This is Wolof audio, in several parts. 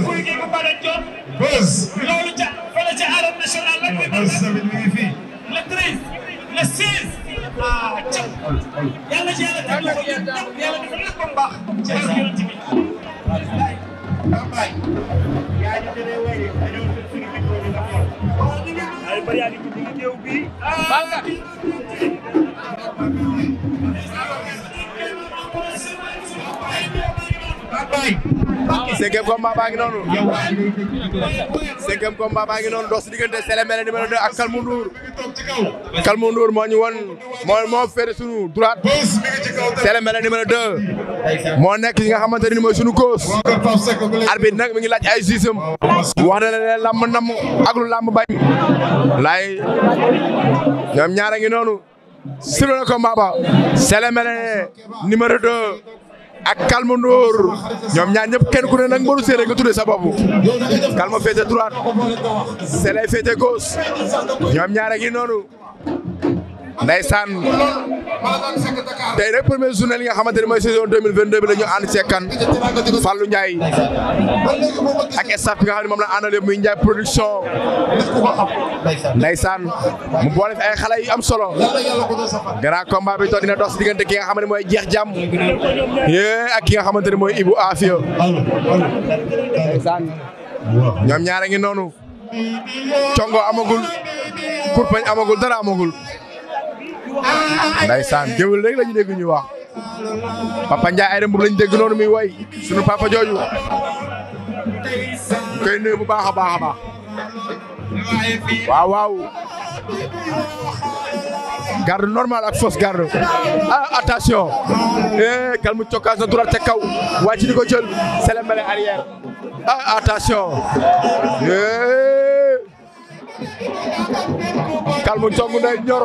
buzz kuy gi bu bala jóg. buzz loolu ca fële ca arène nationale la. muy buzz tamit mi ngi fi. le treize le seize. ah ca yàlla ci yàlla teg loxo yàlla defal lépp ba mu baax. ci barke yonent bi. Kambaay. yaa ngi jëlee wéy dañoo jël suñu micro bi nga xool. ay bari yaa ngi ci digg teew bii. Ah. Banka. Kambaay. cinquième combat baa ngi noonu cinquième combat baa ngi noonu dox si diggante ak Kalmu Ndour Kalmu Ndour moo ñu won moo moo féete sunu droite Sélémélé numéro 2 moo nekk yi nga xamante ni mooy sunu gauche arbitre nag mi laaj ay siisam wax na leen làmb namm ak lu làmb ñoom ñaara ngi noonu sifle na combat ba Sélémélé numéro 2 ak Calma Ndour ñoom ñaar ñëpp kenn ku ne nag mbaru séeréer nga tuddee sa bopp Calma féete droite Sélé féete gauche ñoom ñaar a ngi noonu ndeysaan tey rek premier journée li nga xamante ne mooy saison 2022 bi la ñu ànd ceeg kan Fallou Ndiaye staff bi nga xam ne moom la àndal muy Ndiaye production ndeysaan mu boole fi ay xale yu am solo grand combat bi toog dina dox si ki nga xam ne mooy jeex jàmm yee ak ki nga xamante ne mooy Ibou Afia ndeysaan ñoom ñaare ngi noonu congo amagul kurpañ amagul dara amagul ndeysaan géwél rek la ñu dégg ñu wax papa ay dem boobu la ñu dégg noonu muy way sunu papa jooju koy nuyu bu baax a baax garde normal ak fausse garde ah attention eh kalmu cokkaas na droite ca kaw wàcc ko jël selembele arrière ah attention eh kalmu congu ñor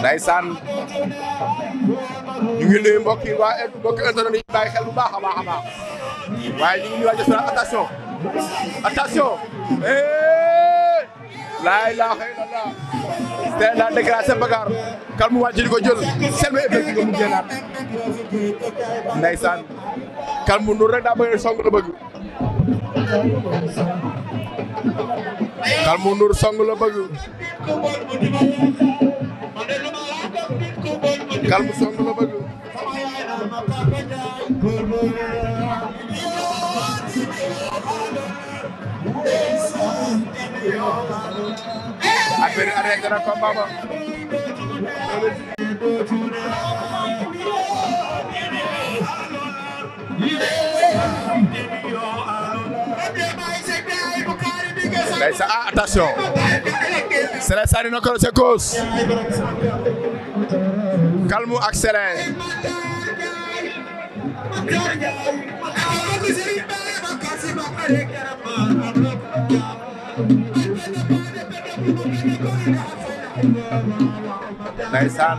ndaysaan ñu ngi nuyu mbokk yi waa mbokk internet yi bàyyi xel bu baax a baax a baax waaye ñu ngi ñuy wàññi seen attention attention. laa ilaaha illallah tey daa déclenché mu wàcc di ko jël seen wéy émission bi mu génnaat ndaysaan kan mu nur rek daa bëgg song la bëgg. Kalmu Ndour song la bëgg Kalmu song la bëgg affaire arrêté na ko baba Ndeysaan ah attention Sélé sànni na ko sa gauche Calmou ak Sélé Ndeysaan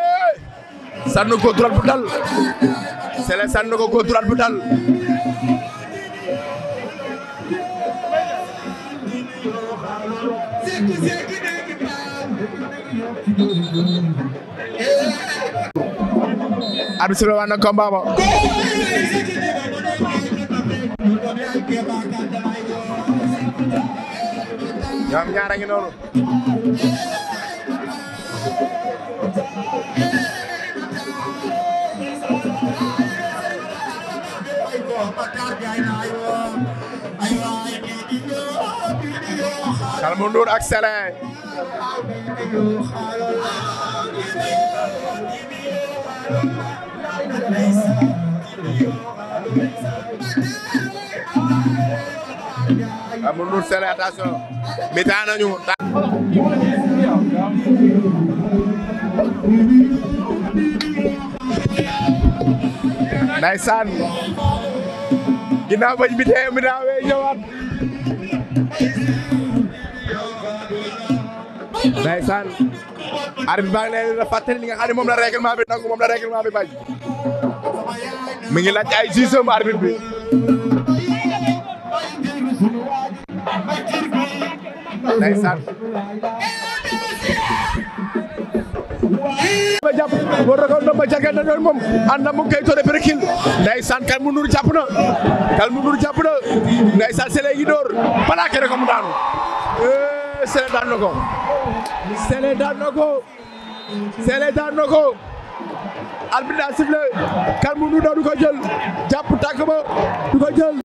sànni ko droite bu dal Sélé sànni ko ko droite bu dal Calme Ndour ak Sélé Calme mi taa nañu ndeysaan ginnaaw bañ bi tee mi daawee ñëwaat ndeysaan arbitre baa ngi leen di fàttali li nga xam ne moom la règlement bi nangu moom la règlement bi bañ mi ngi laaj ay siisam arbitre bi ndeysaan ba jàpp war na ko ndomba jagat na moom ànd na mu ngi koy toore perikil ndeysaan Kalmu Ndour jàpp na Kalmu Ndur jàpp na ndeysaan Sele yi door plaqué na ko mu daanu eh, Sele daan na ko daan na ko Sele daan na ko arbitre sifflé Kalmu jël jàpp tànk du ko jël